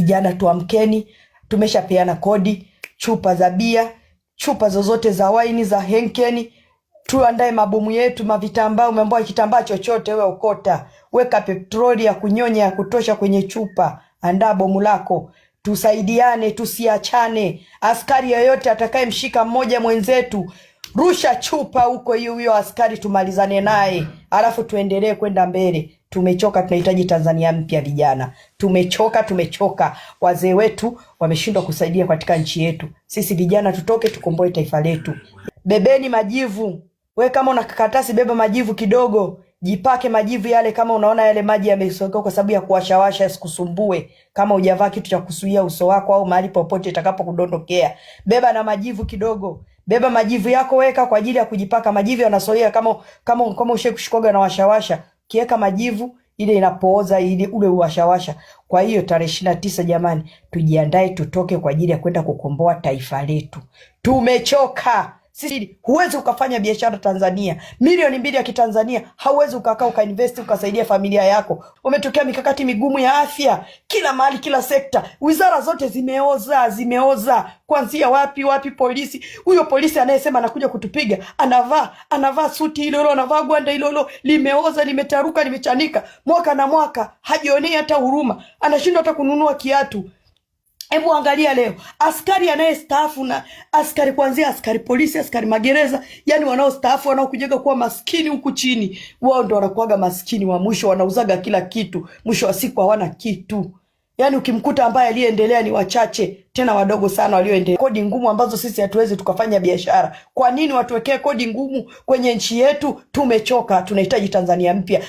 Vijana tuamkeni, tumeshapeana kodi, chupa za bia, chupa zozote za waini za henkeni, tuandae mabomu yetu, mavitambaa. Umeambiwa kitambaa chochote, wewe ukota, weka petroli ya kunyonya ya kutosha kwenye chupa, andaa bomu lako. Tusaidiane, tusiachane. Askari yoyote atakayemshika mmoja mwenzetu, rusha chupa huko, hiyo huyo askari tumalizane naye, alafu tuendelee kwenda mbele. Tumechoka, tunahitaji Tanzania mpya. Vijana tumechoka, tumechoka. Wazee wetu wameshindwa kusaidia katika nchi yetu. Sisi vijana tutoke, tukomboe taifa letu. Bebeni majivu. We kama una karatasi, beba majivu kidogo, jipake majivu yale. Kama unaona yale maji yamesogea, kwa sababu ya kuwashawasha yasikusumbue. Kama hujavaa kitu cha kusuia uso wako au mahali popote itakapokudondokea, beba na majivu kidogo beba majivu yako, weka kwa ajili ya kujipaka majivu. Yanasoea kama kama kama ushe kushikoga na washawasha, kiweka majivu ile inapooza ili ule uwashawasha. Kwa hiyo tarehe ishirini na tisa jamani, tujiandae tutoke kwa ajili ya kwenda kukomboa taifa letu. Tumechoka sisi huwezi ukafanya biashara Tanzania, milioni mbili ya Kitanzania hauwezi ukakaa ukainvest ukasaidia familia yako. Umetokea mikakati migumu ya afya kila mahali, kila sekta, wizara zote zimeoza, zimeoza. Kuanzia wapi wapi, polisi. Huyo polisi anayesema anakuja kutupiga anavaa anavaa suti hilo hilo, anavaa gwanda hilo hilo, limeoza, limetaruka, limechanika mwaka na mwaka, hajionei hata huruma, anashindwa hata kununua kiatu. Hebu angalia leo askari anayestaafu na askari kuanzia askari polisi, askari magereza, yani wanaostaafu wanaokujega kuwa maskini huku chini, wao ndo wanakuaga maskini wa mwisho, wanauzaga kila kitu, mwisho wa siku hawana kitu. Yani ukimkuta ambaye aliyeendelea ni wachache, tena wadogo sana walioendelea. Kodi ngumu ambazo sisi hatuwezi tukafanya biashara. Kwa nini watuwekee kodi ngumu kwenye nchi yetu? Tumechoka, tunahitaji Tanzania mpya.